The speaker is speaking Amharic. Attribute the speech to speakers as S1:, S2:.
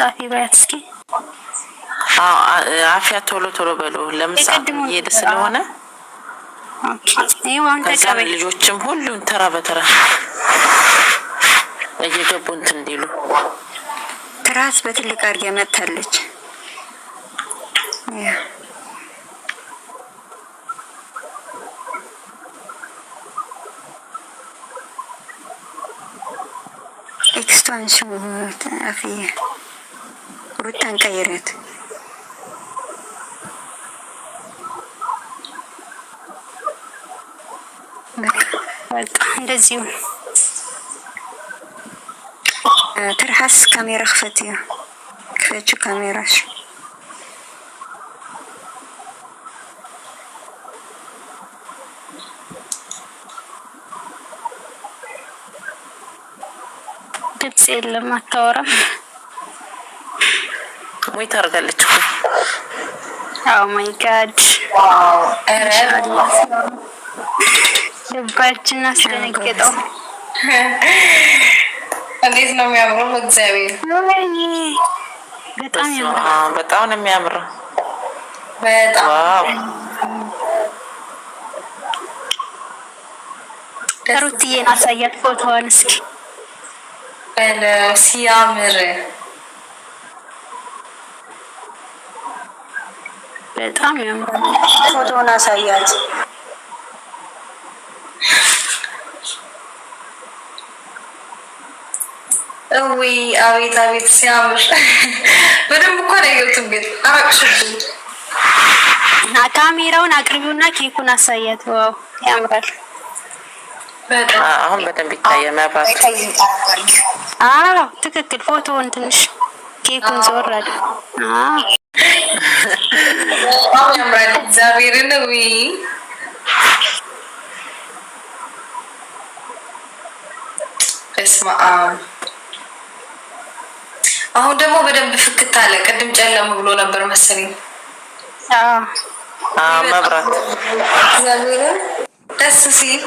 S1: ጻፊ በያት እስኪ። አፍያ ቶሎ ቶሎ በሉ ለምሳ እየሄደ ስለሆነ ከዛም ልጆችም ሁሉም ተራ በተራ እየገቡ እንትን እንዲሉ
S2: ትራስ በትልቅ አድርጋ መታለች። ኤክስቴንሽን አፍያ ሩታን ቀይረት። በቃ እንደዚሁ ትርሐስ ካሜራ ክፈት እዩ ክፈቹ ካሜራሽ
S1: ድምፅ የለም አታወራም። ሞይ ታደርጋለች። ኦ ማይ ጋድ ልባችን አስደነገጠው።
S2: እንዴት ነው የሚያምረው! እግዚአብሔር
S1: በጣም ያምራል። በጣም ነው የሚያምረው። በጣም ሩትዬን አሳያት ፎቶዋን እስኪ
S2: ሲያምር
S1: በጣም ያምራል።
S2: ፎቶውን አሳያት። እዊ አቤት አቤት ሲያምር! በደንብ እኮ አላየሁትም፣ ግን አራቅሽብኝ።
S1: ካሜራውን አቅርቢውና ኬኩን አሳያት። ዋው ያምራል። አሁን በደንብ ይታየ መብራቱ። አዎ ትክክል። ፎቶውን ትንሽ ኬኩን ዘወራል!
S2: እግዚአብሔርን በስመ አብ። አሁን ደግሞ በደንብ ፍክት አለ። ቅድም ጨለም ብሎ ነበር መሰለኝ።
S1: መብራት
S2: ደስ ሲል